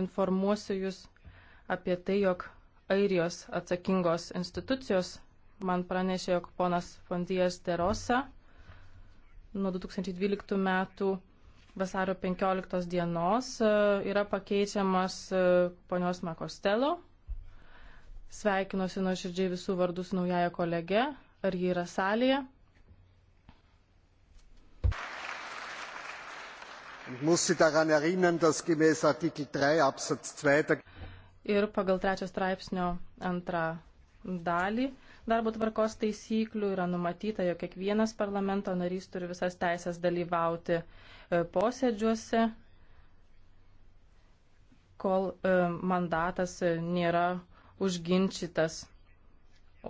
informuosiu Jūs apie tai, jog Airijos atsakingos institucijos man pranešė, jog ponas Fondijas Derosa nuo 2012 metų vasario 15 dienos e, yra pakeičiamas e, ponios Makostelo. Sveikinuosi nuoširdžiai visų vardus naująją kolegę. Ar ji yra salėje? Ich muss Sie daran erinnern, dass gemäß Artikel 3 Absatz 2 der Ir pagal trečios straipsnio antrą dalį darbo tvarkos taisyklių yra numatyta, jog kiekvienas parlamento narys turi visas teisės dalyvauti e, posėdžiuose, kol e, mandatas e, nėra užginčytas.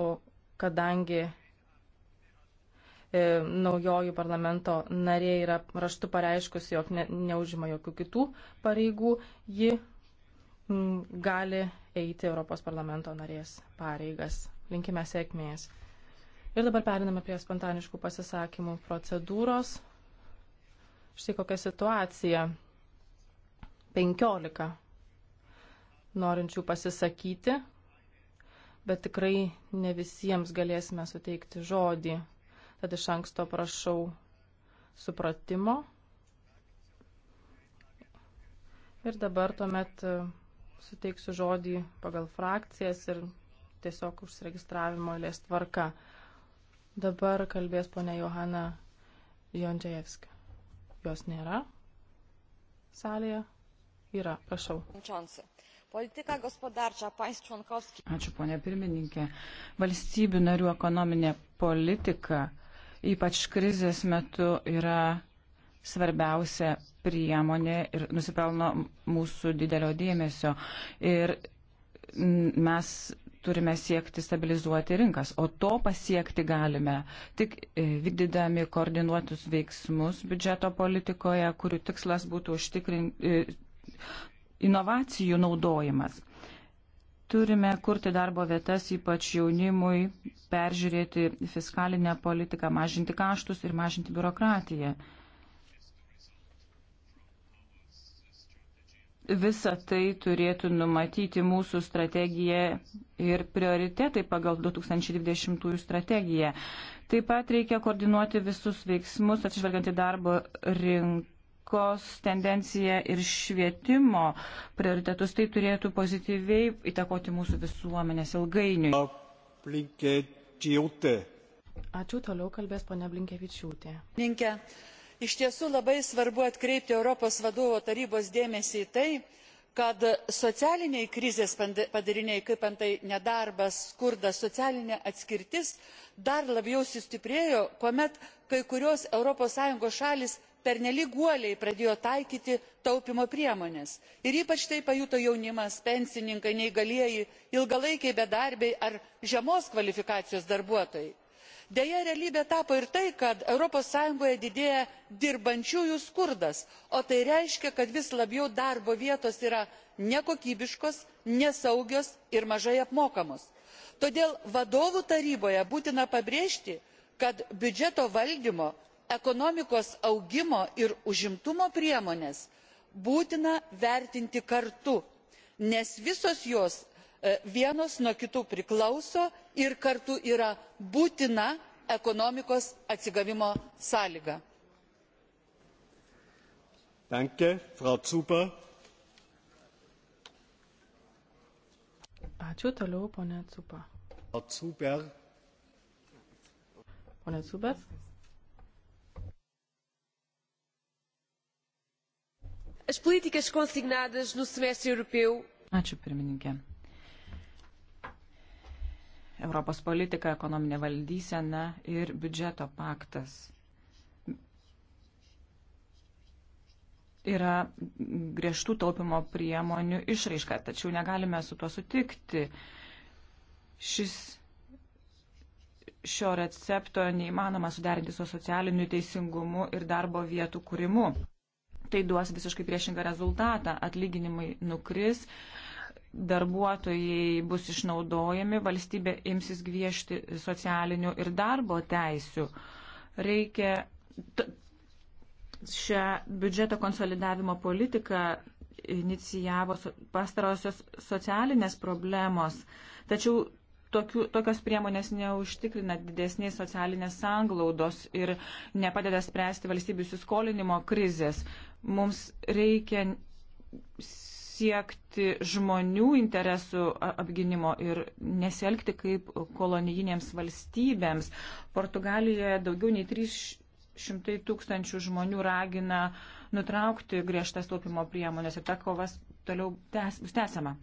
O kadangi E, naujoji parlamento narė yra raštu pareiškusi, jog ne, neužima jokių kitų pareigų, ji m, gali eiti Europos parlamento narės pareigas. Linkime sėkmės. Ir dabar periname prie spontaniškų pasisakymų procedūros. Štai kokia situacija. 15 norinčių pasisakyti, bet tikrai ne visiems galėsime suteikti žodį tad iš anksto prašau supratimo. Ir dabar tuomet e, suteiksiu žodį pagal frakcijas ir tiesiog užsiregistravimo eilės tvarka. Dabar kalbės ponia Johana Jončiajevska. Jos nėra salėje. Yra, prašau. Politika gospodarčia państw członkowskich. Ačiū, ponia pirmininkė. Valstybių narių ekonominė politika ypač krizės metu, yra svarbiausia priemonė ir nusipelno mūsų didelio dėmesio. Ir mes turime siekti stabilizuoti rinkas, o to pasiekti galime tik e, vykdydami koordinuotus veiksmus biudžeto politikoje, kurių tikslas būtų užtikrinti e, inovacijų naudojimas. Turime kurti darbo vietas, ypač jaunimui, peržiūrėti fiskalinę politiką, mažinti kaštus ir mažinti biurokratiją. Visa tai turėtų numatyti mūsų strategija ir prioritetai pagal 2020 strategiją. Taip pat reikia koordinuoti visus veiksmus, atsižvelgiant į darbo rinką politikos tendenciją ir švietimo prioritetus. Tai turėtų pozityviai įtakoti mūsų visuomenės ilgainiui. Ačiū, toliau kalbės ponia Blinkevičiūtė. Iš tiesų labai svarbu atkreipti Europos vadovo tarybos dėmesį į tai, kad socialiniai krizės padariniai kaip antai nedarbas skurdas socialinė atskirtis dar labiau sustiprėjo kuomet kai kurios europos sąjungos šalys pernelyg uoliai pradėjo taikyti taupymo priemones ir ypač tai pajuto jaunimas pensininkai neįgalieji ilgalaikiai bedarbiai ar žemos kvalifikacijos darbuotojai deja realybe tapo ir tai kad europos sąjungoje didėja dirbančiųjų skurdas o tai reiškia kad vis labiau darbo vietos yra nekokybiškos nesaugios ir mažai apmokamos. todėl vadovų taryboje būtina pabrėžti kad biudžeto valdymo ekonomikos augimo ir užimtumo priemones būtina vertinti kartu nes visos jos E, vienos nuo kitų priklauso ir kartu yra būtina ekonomikos atsigavimo sąlyga. Ačiū toliau, ponė Cupa. Ponė Cuber. As políticas consignadas no semestre europeu. Ačiū pirmininkė. Europos politika, ekonominė valdysena ir biudžeto paktas. Yra griežtų taupimo priemonių išraiška, tačiau negalime su tuo sutikti. Šis šio recepto neįmanoma suderinti su socialiniu teisingumu ir darbo vietų kūrimu. Tai duos visiškai priešingą rezultatą. Atlyginimai nukris, darbuotojai bus išnaudojami, valstybė imsis griežti socialinių ir darbo teisių. Reikia šią biudžeto konsolidavimo politiką inicijavo pastarosios socialinės problemos, tačiau tokių, tokios priemonės neužtikrina didesnės socialinės sanglaudos ir nepadeda spręsti valstybių įsiskolinimo krizės. Mums reikia siekti žmonių interesų apginimo ir nesielgti kaip kolonijinėms valstybėms. Portugalijoje daugiau nei 300 tūkstančių žmonių ragina nutraukti griežtas taupimo priemonės ir ta kovas toliau tęs, bus tęsiama.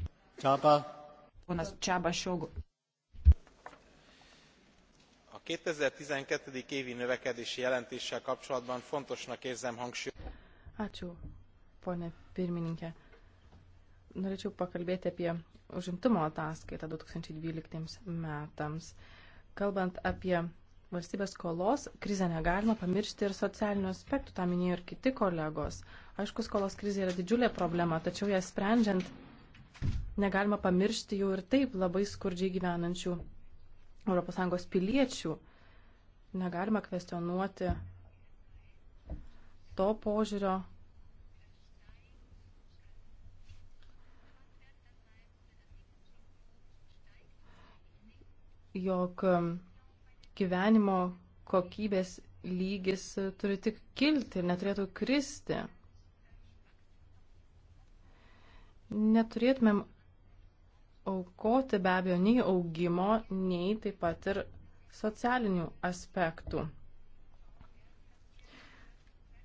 Csába. Ponas Csába Sogu. A 2012. évi növekedési jelentéssel kapcsolatban fontosnak érzem hangsúlyozni. Ačiū, ponė pirmininkė norėčiau pakalbėti apie užimtumo ataskaitą 2012 metams. Kalbant apie valstybės skolos krizę negalima pamiršti ir socialinių aspektų, tą minėjo ir kiti kolegos. Aišku, skolos krizė yra didžiulė problema, tačiau ją sprendžiant negalima pamiršti jau ir taip labai skurdžiai gyvenančių ES piliečių. Negalima kvestionuoti to požiūrio, jog um, gyvenimo kokybės lygis uh, turi tik kilti ir neturėtų kristi. Neturėtumėm aukoti be abejo nei augimo, nei taip pat ir socialinių aspektų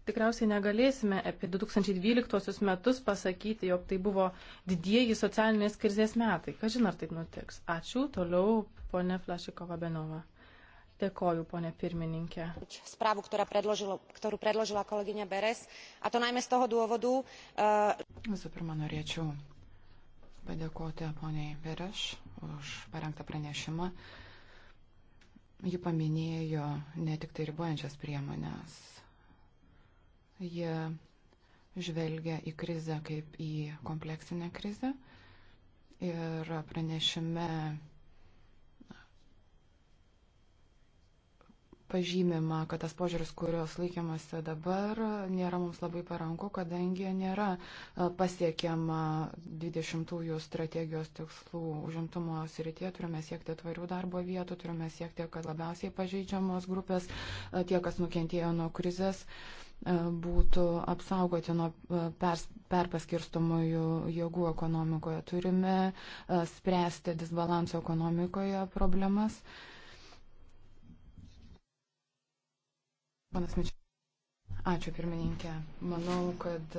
tikriausiai negalėsime apie 2012 metus pasakyti, jog tai buvo didieji socialinės krizės metai. Kažin ar taip nutiks. Ačiū. Toliau ponė Flašikova Benova. Dėkoju, ponė pirmininkė. Spravu, ktorú predložila kolegyňa Beres, a to najmä z toho dôvodu. Uh... Visų pirma, norėčiau padėkoti poniai Beres už parengtą pranešimą. Ji paminėjo ne tik tai ribojančias priemonės, Jie žvelgia į krizę kaip į kompleksinę krizę. Ir pranešime pažymima, kad tas požiūris, kurios laikiamasi dabar, nėra mums labai paranku, kadangi nėra e, pasiekiama 20-ųjų strategijos tikslų užimtumo srityje, turime siekti tvarių darbo vietų, turime siekti, kad labiausiai pažeidžiamos grupės, e, tie, kas nukentėjo nuo krizės, E, būtų apsaugoti nuo e, pers, perpaskirstomųjų jėgų ekonomikoje. Turime e, spręsti disbalanso ekonomikoje problemas. Panas Mičiu. Ačiū pirmininkė. Manau, kad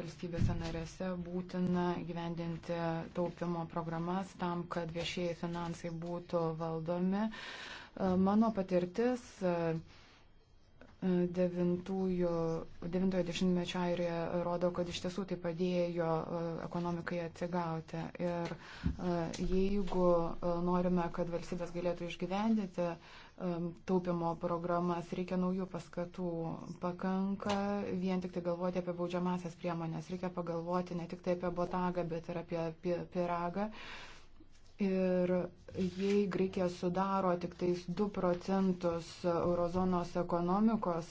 valstybėse narėse būtina gyvendinti taupimo programas tam, kad viešieji finansai būtų valdomi. Mano patirtis 90-mečio airija rodo, kad iš tiesų tai padėjo e, ekonomikai atsigauti. Ir e, jeigu e, norime, kad valstybės galėtų išgyvendyti taupimo programas, reikia naujų paskatų. Pakanka vien tik tai galvoti apie baudžiamasias priemonės, reikia pagalvoti ne tik tai apie botagą, bet ir apie piragą. Pi Ir jei Graikija sudaro tik tais 2 procentus eurozonos ekonomikos,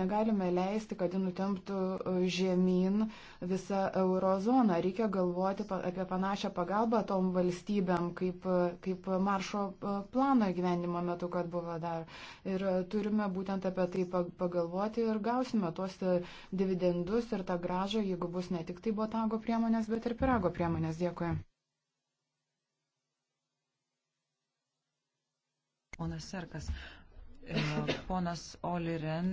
negalime leisti, kad ji nutemptų e, žemyn visą eurozoną. Reikia galvoti apie panašią pagalbą tom valstybėm, kaip, e, kaip maršo e, plano gyvenimo metu, kad buvo dar. Ir turime būtent apie tai pagalvoti ir gausime tuos dividendus ir tą gražą, jeigu bus ne tik tai botago priemonės, bet ir pirago priemonės. Dėkui. Ponas Serkas. E, ponas Oliren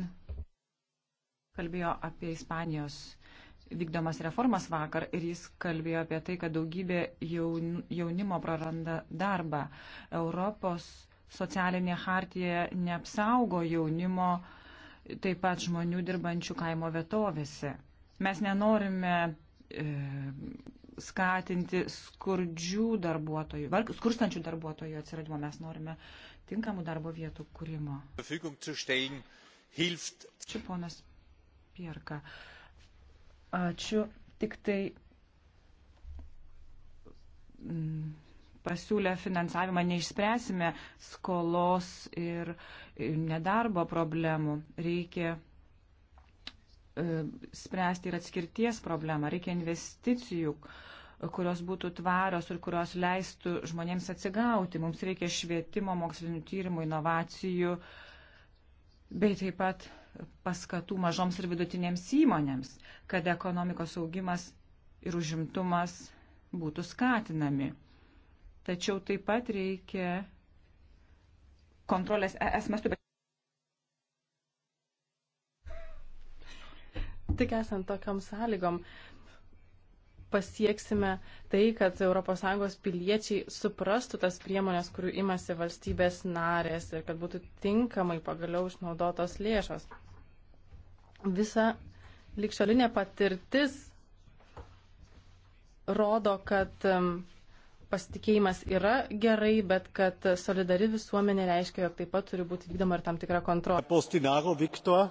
kalbėjo apie Ispanijos vykdomas reformas vakar ir jis kalbėjo apie tai, kad daugybė jaunimo praranda darbą. Europos socialinė hartija neapsaugo jaunimo, taip pat žmonių dirbančių kaimo vietovėse. Mes nenorime e, skatinti skurdžių darbuotojų, varg, skurstančių darbuotojų atsiradimo, mes norime tinkamų darbo vietų kūrimo. Ačiū, ponas Pierka. Ačiū. Tik tai mm, pasiūlę finansavimą neišspręsime skolos ir nedarbo problemų. Reikia e, spręsti ir atskirties problemą, reikia investicijų, uh, kurios būtų tvarios ir kurios leistų žmonėms atsigauti. Mums reikia švietimo, mokslinių tyrimų, inovacijų, bei taip pat paskatų mažoms ir vidutinėms įmonėms, kad ekonomikos augimas ir užimtumas būtų skatinami. Tačiau taip pat reikia kontrolės e, ES mastu. Tik esant tokiam sąlygom, pasieksime tai, kad ES piliečiai suprastų tas priemonės, kurių imasi valstybės narės ir kad būtų tinkamai pagaliau išnaudotos lėšos. Visa likščiolinė patirtis rodo, kad um, pasitikėjimas yra gerai, bet kad solidari visuomenė reiškia, jog taip pat turi būti vykdoma ir tam tikra kontrolė. Postinaro Viktor.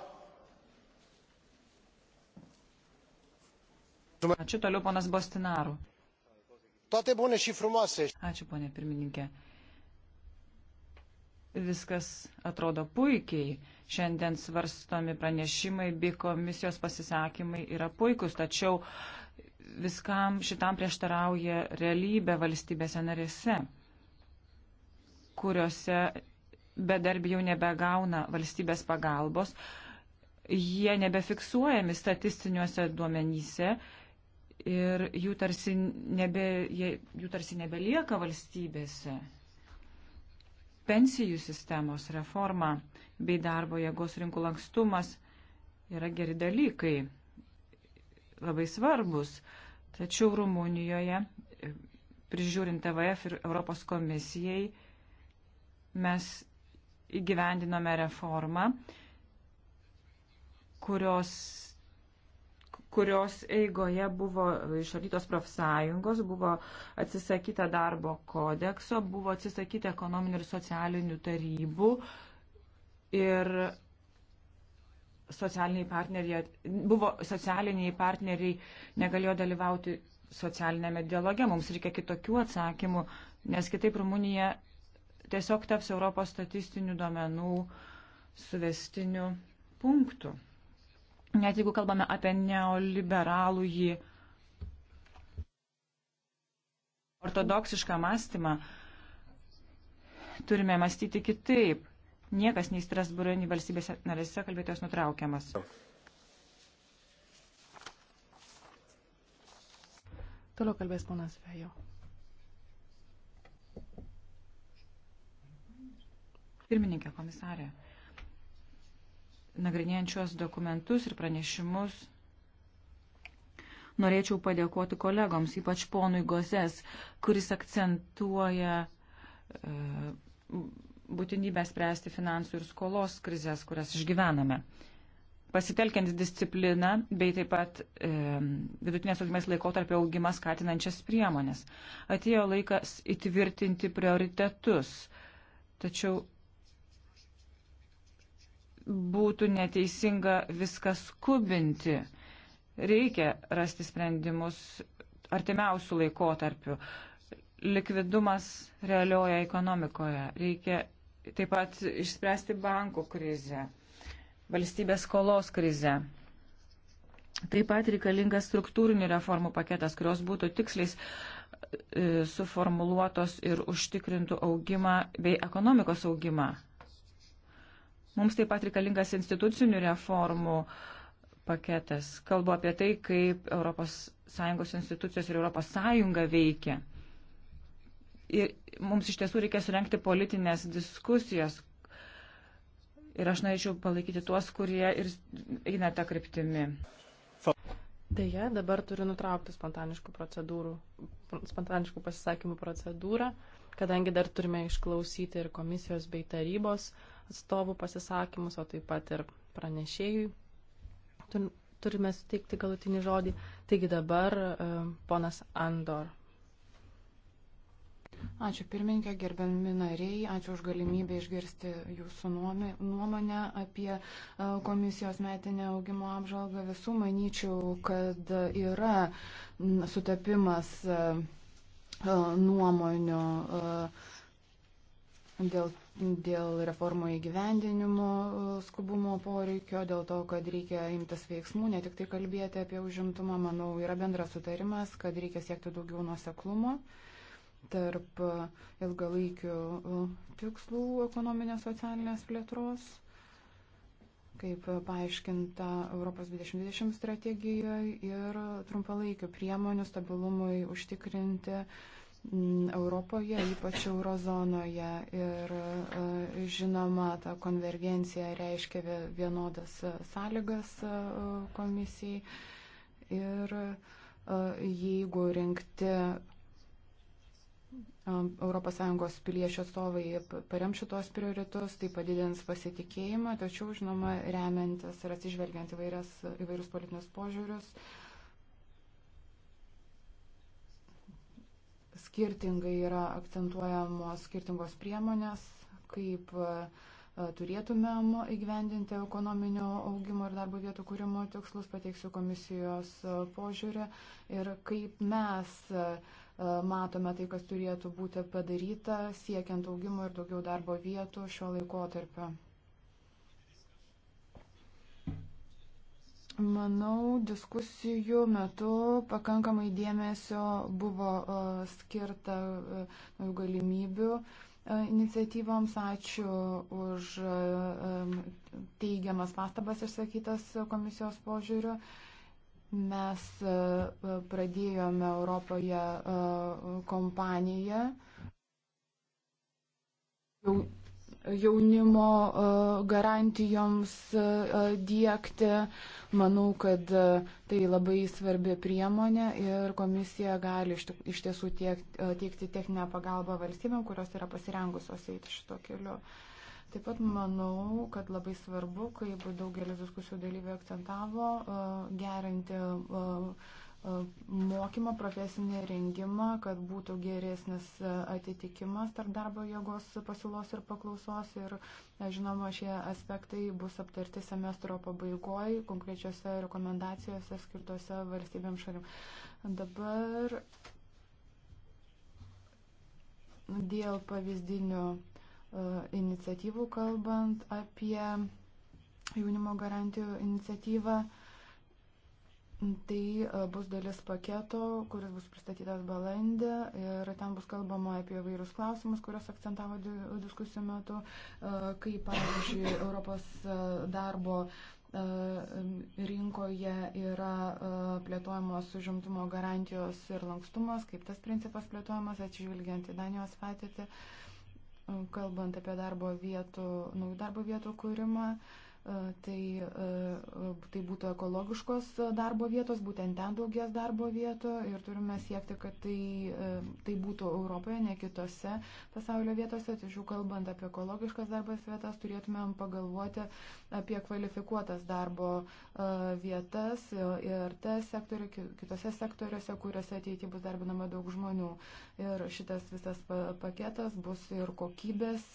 Ačiū toliau, ponas Bostinaru. Ačiū, ponė pirmininkė. Viskas atrodo puikiai. Šiandien svarstomi pranešimai bei komisijos pasisakymai yra puikus, tačiau viskam šitam prieštarauja realybė valstybėse narėse, kuriuose bedarbi jau nebegauna valstybės pagalbos, jie nebefiksuojami statistiniuose duomenyse ir jų tarsi, nebe, jų tarsi nebelieka valstybėse. Pensijų sistemos reforma bei darbo jėgos rinkų lankstumas yra geri dalykai, labai svarbus. Tačiau Rumunijoje, prižiūrint TVF ir Europos komisijai, mes įgyvendinome reformą, kurios kurios eigoje buvo išalytos profsąjungos, buvo atsisakyta darbo kodekso, buvo atsisakyta ekonominių ir socialinių tarybų ir socialiniai partneriai, buvo socialiniai partneriai negalėjo dalyvauti socialinėme dialoge. Mums reikia kitokių atsakymų, nes kitaip Rumunija tiesiog taps Europos statistinių duomenų suvestiniu punktu net jeigu kalbame apie neoliberalų jį ortodoksišką mąstymą, turime mąstyti kitaip. Niekas nei Strasbūro, nei valstybėse narėse kalbėtojas nutraukiamas. Toliau kalbės ponas Vejo. Pirmininkė komisarė nagrinėjančios dokumentus ir pranešimus. Norėčiau padėkoti kolegoms, ypač ponui Gozes, kuris akcentuoja e, būtinybę spręsti finansų ir skolos krizės, kurias išgyvename. Pasitelkiant discipliną bei taip pat e, vidutinės augimės laikotarpio augimą skatinančias priemonės. Atėjo laikas įtvirtinti prioritetus, tačiau būtų neteisinga viską skubinti. Reikia rasti sprendimus artimiausių laikotarpių. Likvidumas realioje ekonomikoje. Reikia taip pat išspręsti bankų krizę, valstybės skolos krizę. Taip pat reikalingas struktūrinių reformų paketas, kurios būtų tiksliais e, suformuluotos ir užtikrintų augimą bei ekonomikos augimą. Mums taip pat reikalingas institucinių reformų paketas. Kalbu apie tai, kaip ES institucijos ir ES veikia. Ir mums iš tiesų reikia surenkti politinės diskusijas. Ir aš norėčiau palaikyti tuos, kurie ir eina tą kryptimį. Deja, dabar turiu nutraukti spontaniškų, spontaniškų pasisakymų procedūrą, kadangi dar turime išklausyti ir komisijos bei tarybos atstovų pasisakymus, o taip pat ir pranešėjui. Turime suteikti galutinį žodį. Taigi dabar e, ponas Andor. Ačiū pirmininkė, gerbiami nariai, ačiū už galimybę išgirsti jūsų nuomonę apie e, komisijos metinę augimo apžalgą. Visų manyčiau, kad yra sutapimas e, nuomonių. Uh, dėl, dėl reformų įgyvendinimo e, skubumo poreikio, dėl to, kad reikia imtis veiksmų, ne tik tai kalbėti apie užimtumą, manau, yra bendras sutarimas, kad reikia siekti daugiau nuoseklumo tarp e, ilgalaikių e, tikslų ekonominės socialinės plėtros, kaip paaiškinta Europos 2020 strategijoje ir trumpalaikių priemonių stabilumui užtikrinti uh, Mm, Europoje, ypač eurozonoje. Ir e, žinoma, ta konvergencija reiškia vienodas e, sąlygas e, komisijai. Ir jeigu rinkti ES piliečių atstovai parem šitos prioritus, tai padidins pasitikėjimą, tačiau, žinoma, remiantis ir atsižvelgiant įvairias, įvairius politinius požiūrius, uh, skirtingai yra akcentuojamos skirtingos priemonės, kaip e, turėtumėm įgyvendinti ekonominio augimo ir darbo vietų kūrimo tikslus, pateiksiu komisijos e, požiūrį ir kaip mes e, matome tai, kas turėtų būti padaryta siekiant augimo ir daugiau darbo vietų šio laiko tarp. Manau, diskusijų metu pakankamai dėmesio buvo e, skirta e, galimybių e, iniciatyvoms. Ačiū už teigiamas pastabas išsakytas komisijos požiūriu. Mes pradėjome Europoje kompaniją. Jau jaunimo e, garantijoms e, e, dėkti. Manau, kad tai labai svarbi priemonė ir komisija gali iš tiesų teikti techninę pagalbą valstybėm, kurios yra pasirengusios eiti šito keliu. Taip pat manau, kad labai svarbu, kaip daugelis diskusijų dalyvių akcentavo, gerinti E, mokymą, profesinį rengimą, kad būtų geresnis atitikimas tarp darbo jėgos pasiūlos ir paklausos. Ir, žinoma, šie aspektai bus aptarti semestro pabaigoje, konkrečiose rekomendacijose skirtose valstybėm šalim. Dabar dėl pavyzdinių e, iniciatyvų kalbant apie jaunimo garantijų iniciatyvą. Uh, Tai e, bus dalis paketo, kuris bus pristatytas balandį ir ten bus kalbama apie vairius klausimus, kuriuos akcentavo diskusijų metu, e, kaip, pavyzdžiui, Europos e, darbo rinkoje yra plėtojamos užimtumo garantijos ir lankstumas, kaip tas principas plėtojamas, atsižvelgiant į Danijos patirtį, kalbant apie darbo vietų, naujų darbo vietų kūrimą. Uh, E, tai, e, tai būtų ekologiškos darbo vietos, būtent ten daugės darbo vietų ir turime siekti, kad tai, e, tai būtų Europoje, ne kitose pasaulio vietose. Tačiau kalbant apie ekologiškas darbas vietas, turėtumėm pagalvoti apie kvalifikuotas darbo vietas ir te sektoriu, kitose sektoriuose, kuriuose ateityje bus darbinama daug žmonių. Ir šitas visas paketas bus ir kokybės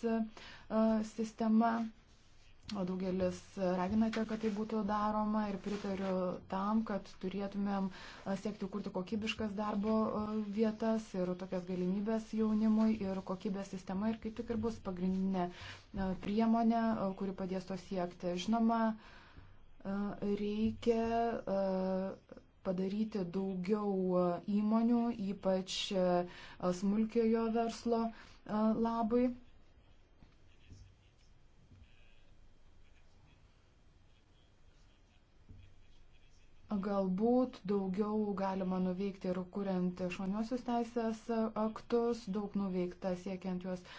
sistema O daugelis raginate, kad tai būtų daroma ir pritariu tam, kad turėtumėm siekti kurti kokybiškas darbo vietas ir tokias galimybės jaunimui ir kokybės sistema ir kaip tik ir bus pagrindinė priemonė, kuri padės to siekti. Žinoma, reikia padaryti daugiau įmonių, ypač smulkiojo verslo labai Galbūt daugiau galima nuveikti ir kuriant išmaniosius teisės aktus, daug nuveikta siekiant juos e,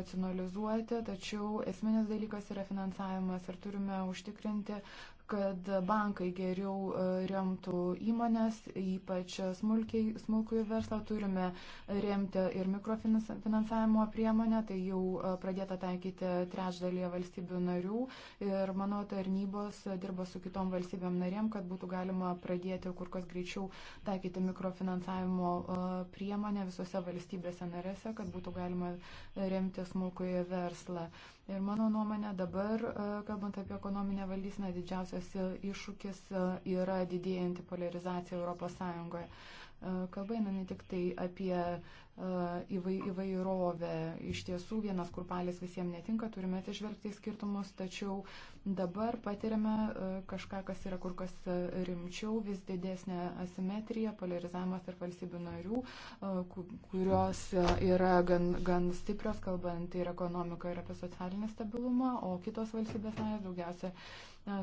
racionalizuoti, tačiau esminis dalykas yra finansavimas ir turime užtikrinti kad bankai geriau e, remtų įmonės, ypač smulkiai, smulkųjų verslą turime remti ir mikrofinansavimo priemonę, tai jau e, pradėta taikyti trečdalyje valstybių narių ir mano tarnybos dirba su kitom valstybėm narėm, kad būtų galima pradėti kur kas greičiau taikyti mikrofinansavimo e, priemonę visose valstybėse narėse, kad būtų galima remti smulkųjų verslą. Uh, Ir mano nuomonė dabar, e, kalbant apie ekonominę valdysiną, didžiausias e, iššūkis e, yra didėjanti polarizacija ES. E, kalba eina ne tik tai apie e, įvairovę. Iš tiesų, vienas kurpalis visiems netinka, turime atsižvelgti į skirtumus, tačiau dabar patiriame e, kažką, kas yra kur kas rimčiau, vis didesnė asimetrija, polarizavimas tarp valstybių narių, kurios yra gan, gan stiprios, kalbant ir ekonomiką, ir apie socialinį stabilumą, o kitos valstybės narės daugiausia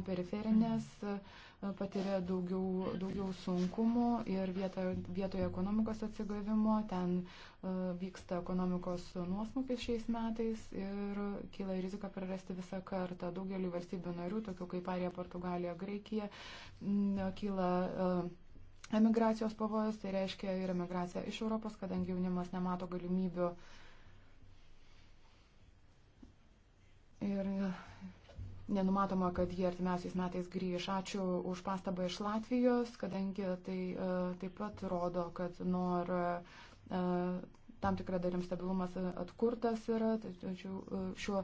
periferinės. Mm patiria daugiau, daugiau sunkumų ir vieto, vietoje ekonomikos atsigavimo ten e, vyksta ekonomikos nuosmukis šiais metais ir kyla rizika prarasti visą kartą. Daugelį valstybių narių, tokių kaip Arija, Portugalija, Graikija, kyla e, emigracijos pavojus, tai reiškia ir emigracija iš Europos, kadangi jaunimas nemato galimybių. Ir Nenumatoma, kad jie artimiausiais metais grįž. Ačiū už pastabą iš Latvijos, kadangi tai e, taip pat rodo, kad nor e, tam tikrą dalim stabilumas atkurtas yra, tačiau e, šiuo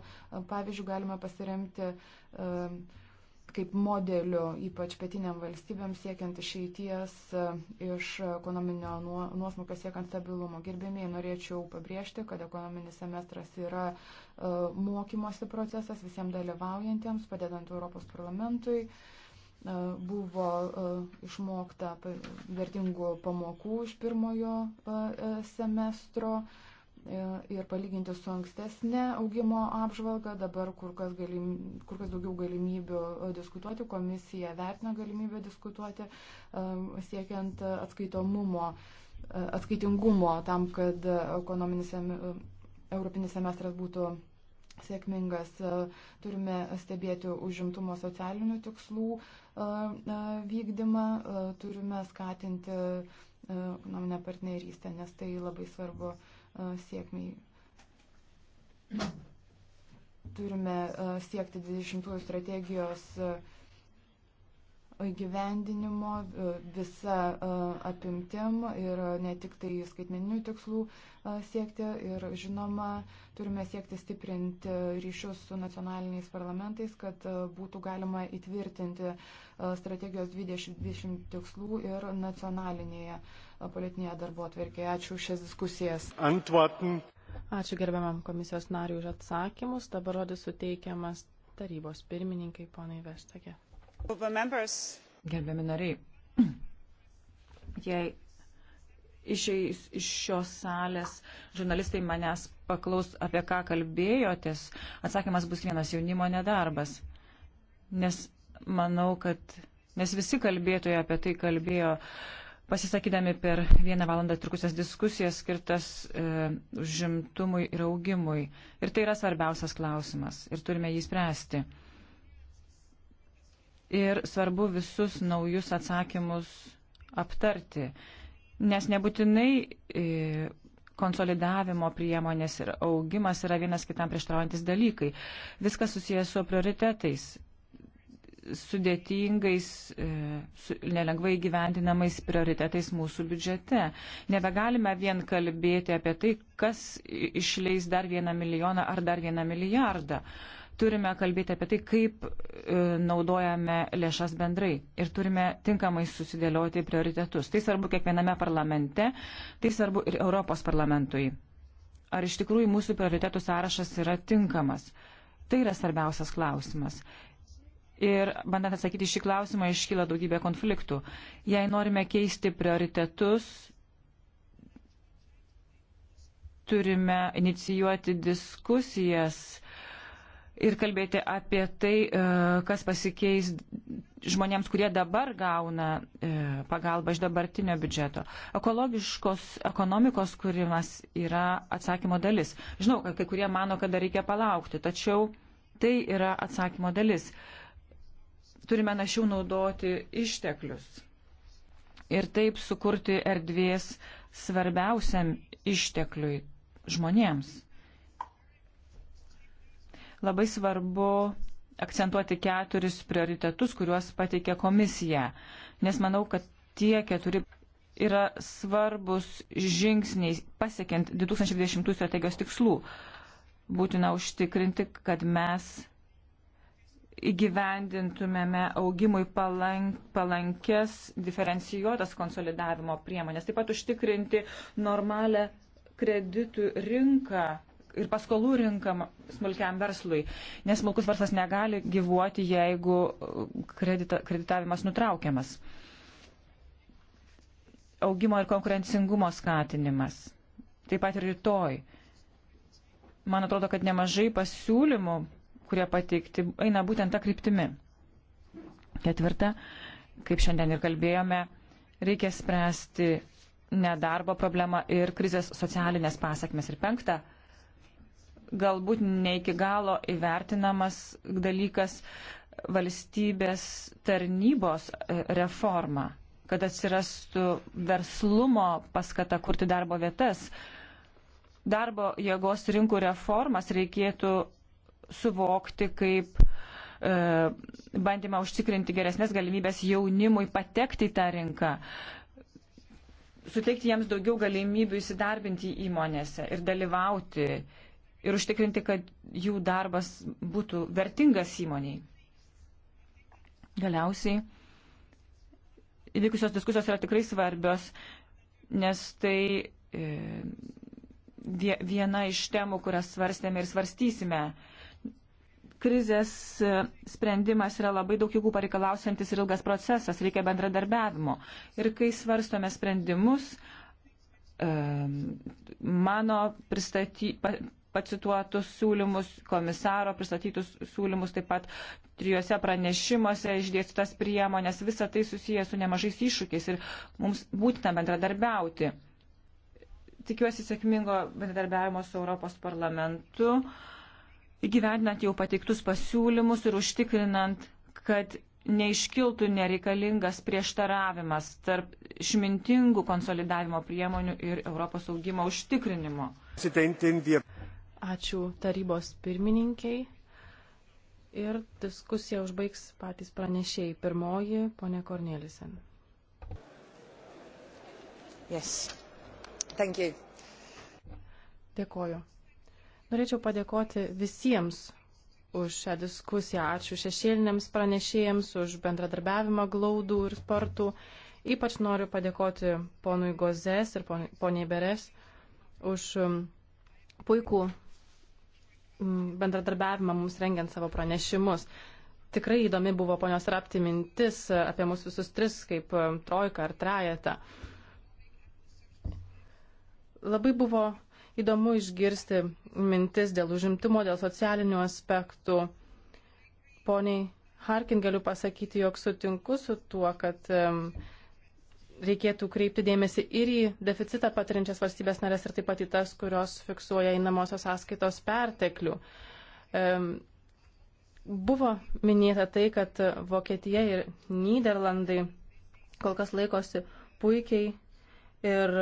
pavyzdžiu galime pasiremti kaip modeliu, ypač pietiniam valstybėm, siekiant išeities e, iš ekonominio nuosmukio, siekiant stabilumo. Gerbėmiai, norėčiau pabrėžti, kad ekonominis semestras yra e, mokymosi procesas visiems dalyvaujantiems, padedant Europos parlamentui e, buvo išmokta vertingų pamokų iš pirmojo semestro. E, ir palyginti su ankstesnė augimo apžvalga, dabar kur kas, galim, kur kas daugiau galimybių e, diskutuoti, komisija vertina galimybę diskutuoti, e, siekiant atskaitomumo, atskaitingumo tam, kad ekonominis europinis semestras būtų sėkmingas. Turime stebėti užimtumo socialinių tikslų vykdymą, turime skatinti ekonominę partnerystę, nes tai labai svarbu sėkmiai. Turime siekti 20-ųjų strategijos įgyvendinimo e, visa e, apimtim ir ne tik tai skaitmeninių tikslų e, siekti. Ir žinoma, turime siekti stiprinti ryšius su nacionaliniais parlamentais, kad būtų galima įtvirtinti strategijos 2020 tikslų ir nacionalinėje politinėje darbo atverkėje. Ačiū už šias diskusijas. Antworten. Ačiū gerbiamam komisijos nariui už atsakymus. Dabar rodis suteikiamas tarybos pirmininkai, ponai Vestagė. Gerbiami nariai, jei išeis iš šios salės žurnalistai manęs paklaus, apie ką kalbėjotės, atsakymas bus vienas jaunimo nedarbas. Nes manau, kad nes visi kalbėtojai apie tai kalbėjo pasisakydami per vieną valandą trukusias diskusijas skirtas e, žimtumui ir augimui. Ir tai yra svarbiausias klausimas ir turime jį spręsti ir svarbu visus naujus atsakymus aptarti, nes nebūtinai e, konsolidavimo priemonės ir augimas yra vienas kitam prieštraujantis dalykai. Viskas susijęs su prioritetais sudėtingais, e, su, nelengvai gyvendinamais prioritetais mūsų biudžete. Nebegalime vien kalbėti apie tai, kas išleis dar vieną milijoną ar dar vieną milijardą. Uh, turime kalbėti apie tai, kaip e, naudojame lėšas bendrai ir turime tinkamai susidėlioti prioritetus. Tai svarbu kiekviename parlamente, tai svarbu ir Europos parlamentui. Ar iš tikrųjų mūsų prioritetų sąrašas yra tinkamas? Tai yra svarbiausias klausimas. Ir bandant atsakyti šį klausimą, iškyla daugybė konfliktų. Jei norime keisti prioritetus, turime inicijuoti diskusijas ir kalbėti apie tai, e, kas pasikeis žmonėms, kurie dabar gauna e, pagalbą iš dabartinio biudžeto. Ekologiškos ekonomikos kūrimas yra atsakymo dalis. Žinau, kad kai kurie mano, kad dar reikia palaukti, tačiau tai yra atsakymo dalis. Turime našiau naudoti išteklius ir taip sukurti erdvės svarbiausiam ištekliui žmonėms. Labai svarbu akcentuoti keturis prioritetus, kuriuos pateikė komisija, nes manau, kad tie keturi yra svarbus žingsniai pasiekiant 2020 strategijos tikslų. Būtina užtikrinti, kad mes įgyvendintumėme augimui palank, palankės diferencijuotas konsolidavimo priemonės, taip pat užtikrinti normalią kreditų rinką ir paskolų rinkam smulkiam verslui, nes smulkus verslas negali gyvuoti, jeigu uh, kredita, kreditavimas nutraukiamas. Augimo ir konkurencingumo skatinimas. Taip pat ir rytoj. Man atrodo, kad nemažai pasiūlymų, kurie pateikti, eina būtent tą kryptimį. Ketvirta, kaip šiandien ir kalbėjome, reikia spręsti nedarbo problemą ir krizės socialinės pasakmes. Ir penkta, galbūt ne iki galo įvertinamas dalykas valstybės tarnybos e, reforma, kad atsirastų verslumo paskata kurti darbo vietas. Darbo jėgos rinkų reformas reikėtų suvokti kaip e, bandymą užtikrinti geresnės galimybės jaunimui patekti į tą rinką, suteikti jiems daugiau galimybių įsidarbinti įmonėse ir dalyvauti ir užtikrinti, kad jų darbas būtų vertingas įmoniai. Galiausiai įvykusios diskusijos yra tikrai svarbios, nes tai e, viena iš temų, kurias svarstėme ir svarstysime. Krizės e, sprendimas yra labai daug jėgų pareikalausiantis ir ilgas procesas, reikia bendradarbiavimo. Ir kai svarstome sprendimus, e, mano pristaty, pacituotus siūlymus, komisaro pristatytus siūlymus, taip pat trijose pranešimuose išdėstytas priemonės, visa tai susijęs su nemažais iššūkiais ir mums būtina bendradarbiauti. Tikiuosi sėkmingo bendradarbiavimo su Europos parlamentu, įgyvendinant jau pateiktus pasiūlymus ir užtikrinant, kad neiškiltų nereikalingas prieštaravimas tarp išmintingų konsolidavimo priemonių ir Europos augimo užtikrinimo. Sitentinti. Ačiū tarybos pirmininkiai. Ir diskusiją užbaigs patys pranešėjai. Pirmoji, ponė Kornelisen. Yes. Thank you. Dėkoju. Norėčiau padėkoti visiems už šią diskusiją. Ačiū šešėliniams pranešėjams už bendradarbiavimą glaudų ir spartų. Ypač noriu padėkoti ponui Gozės ir poniai Beres už um, puikų bendradarbiavimą mums rengiant savo pranešimus. Tikrai įdomi buvo ponios rapti mintis apie mus visus tris kaip e, trojką ar trajetą. Labai buvo įdomu išgirsti mintis dėl užimtumo, dėl socialinių aspektų. Poniai Harkin galiu pasakyti, jog sutinku su tuo, kad um, reikėtų kreipti dėmesį ir į deficitą patiriančias valstybės narės ir taip pat į tas, kurios fiksuoja įnamosios sąskaitos perteklių. Buvo minėta tai, kad Vokietija ir Niderlandai kol kas laikosi puikiai ir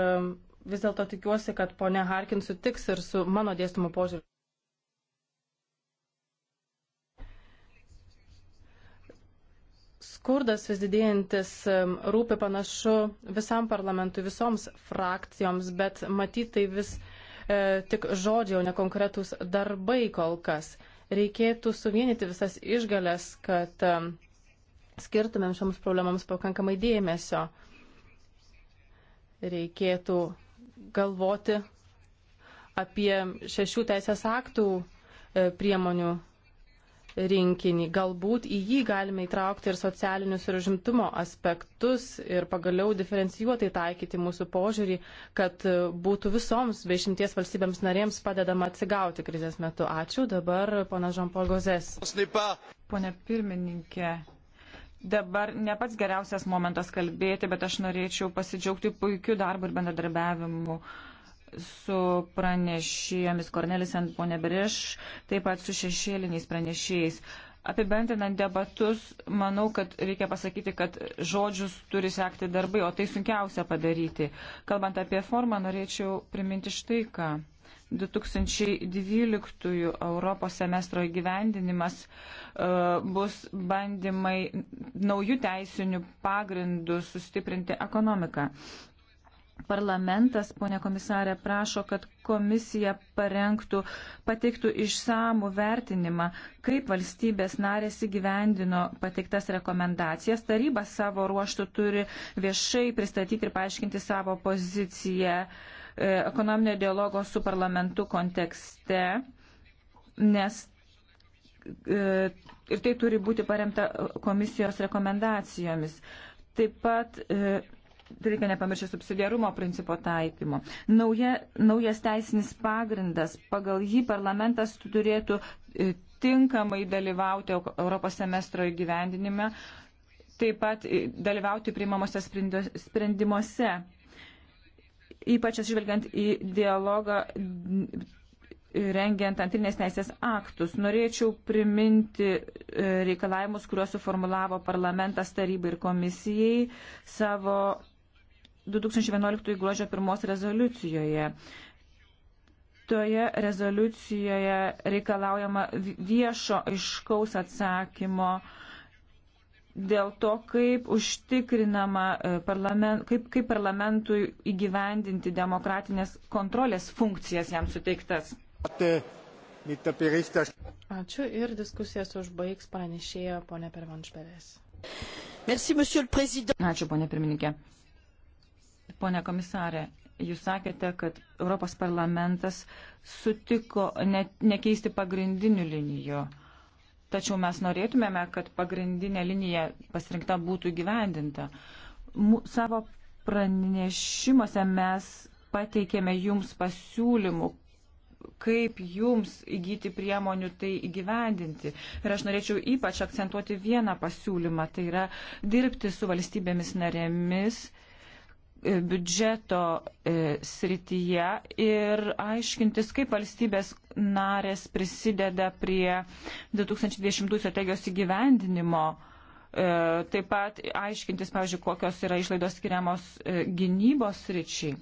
vis dėlto tikiuosi, kad ponia Harkin sutiks ir su mano dėstumu požiūriu. Skurdas vis didėjantis rūpi panašu visam parlamentui, visoms frakcijoms, bet matytai vis e, tik žodžiai, o ne konkretūs darbai kol kas. Reikėtų suvienyti visas išgalės, kad e, skirtumėm šioms problemams pakankamai dėmesio. Reikėtų galvoti apie šešių teisės aktų e, priemonių rinkinį. Galbūt į jį galime įtraukti ir socialinius ir užimtumo aspektus ir pagaliau diferencijuotai taikyti mūsų požiūrį, kad būtų visoms bei šimties valstybėms narėms padedama atsigauti krizės metu. Ačiū. Dabar pana Žampolgozės. Pone pirmininkė, dabar ne pats geriausias momentas kalbėti, bet aš norėčiau pasidžiaugti puikiu darbu ir bendradarbiavimu su pranešėjomis Kornelis ant ponė Breš, taip pat su šešėliniais pranešėjais. Apibendrinant debatus, manau, kad reikia pasakyti, kad žodžius turi sekti darbai, o tai sunkiausia padaryti. Kalbant apie formą, norėčiau priminti štai ką. 2012 Europos semestro įgyvendinimas e, bus bandymai naujų teisinių pagrindų sustiprinti ekonomiką. Parlamentas, ponė komisarė, prašo, kad komisija parengtų, pateiktų išsamų vertinimą, kaip valstybės narės įgyvendino pateiktas rekomendacijas. Taryba savo ruoštų turi viešai pristatyti ir paaiškinti savo poziciją e, ekonominio dialogo su parlamentu kontekste, nes e, ir tai turi būti paremta komisijos rekomendacijomis. Taip pat e, reikia nepamiršti subsidiarumo principo taikymo. Nauja, naujas teisinis pagrindas, pagal jį parlamentas turėtų e, tinkamai dalyvauti Europos semestro įgyvendinime, taip pat e, dalyvauti priimamose sprendimuose, ypač atsižvelgiant į dialogą rengiant antrinės teisės aktus. Norėčiau priminti e, reikalavimus, kuriuos suformulavo parlamentas tarybai ir komisijai savo 2011 gruodžio 1 rezoliucijoje. Toje rezoliucijoje reikalaujama viešo aiškaus atsakymo dėl to, kaip užtikrinama, e, parlament, kaip, kaip parlamentui įgyvendinti demokratinės kontrolės funkcijas jam suteiktas. Ačiū ir diskusijas užbaigs pranešėja ponė Pervanšberės. Ačiū, ponė pirmininkė. Pone komisarė, jūs sakėte, kad Europos parlamentas sutiko ne, nekeisti pagrindinių linijų. Tačiau mes norėtumėme, kad pagrindinė linija pasirinkta būtų gyvendinta. Mū, savo pranešimuose mes pateikėme jums pasiūlymų, kaip jums įgyti priemonių tai įgyvendinti. Ir aš norėčiau ypač akcentuoti vieną pasiūlymą, tai yra dirbti su valstybėmis narėmis E, biudžeto e, srityje ir aiškintis, kaip valstybės narės prisideda prie 2020 strategijos įgyvendinimo. E, taip pat aiškintis, pavyzdžiui, kokios yra išlaidos skiriamos gynybos ryčiai.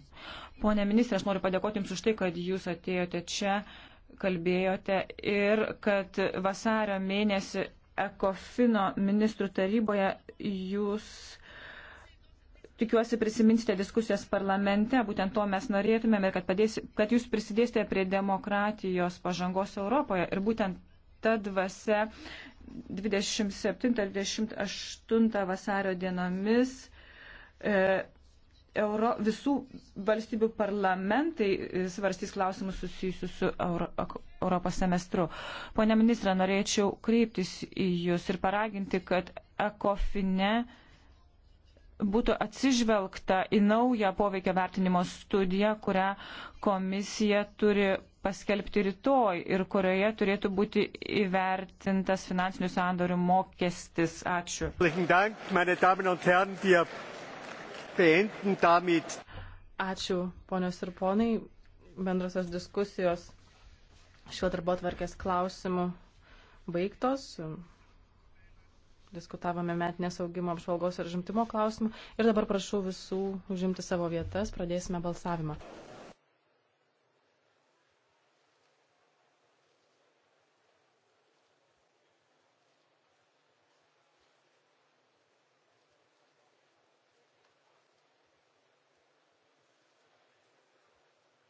Pone ministrė, aš noriu padėkoti Jums už tai, kad Jūs atėjote čia, kalbėjote ir kad vasario mėnesį Ekofino ministrų taryboje Jūs tikiuosi prisiminsite diskusijas parlamente, būtent to mes norėtumėme, kad, padėsi, kad jūs prisidėsite prie demokratijos pažangos Europoje ir būtent ta dvasia 27-28 vasario dienomis. E, Euro, visų valstybių parlamentai e, svarstys klausimus susijusius su Euro, Europos semestru. Pone ministra, norėčiau kreiptis į Jūs ir paraginti, kad ekofine būtų atsižvelgta į naują poveikio vertinimo studiją, kurią komisija turi paskelbti rytoj ir kurioje turėtų būti įvertintas finansinių sandorių mokestis. Ačiū. Ačiū, ponios ir ponai. Bendrosios diskusijos šiuo darbo tvarkės klausimu baigtos diskutavome metinės augimo apžvalgos ir žimtimo klausimų. Ir dabar prašau visų užimti savo vietas, pradėsime balsavimą.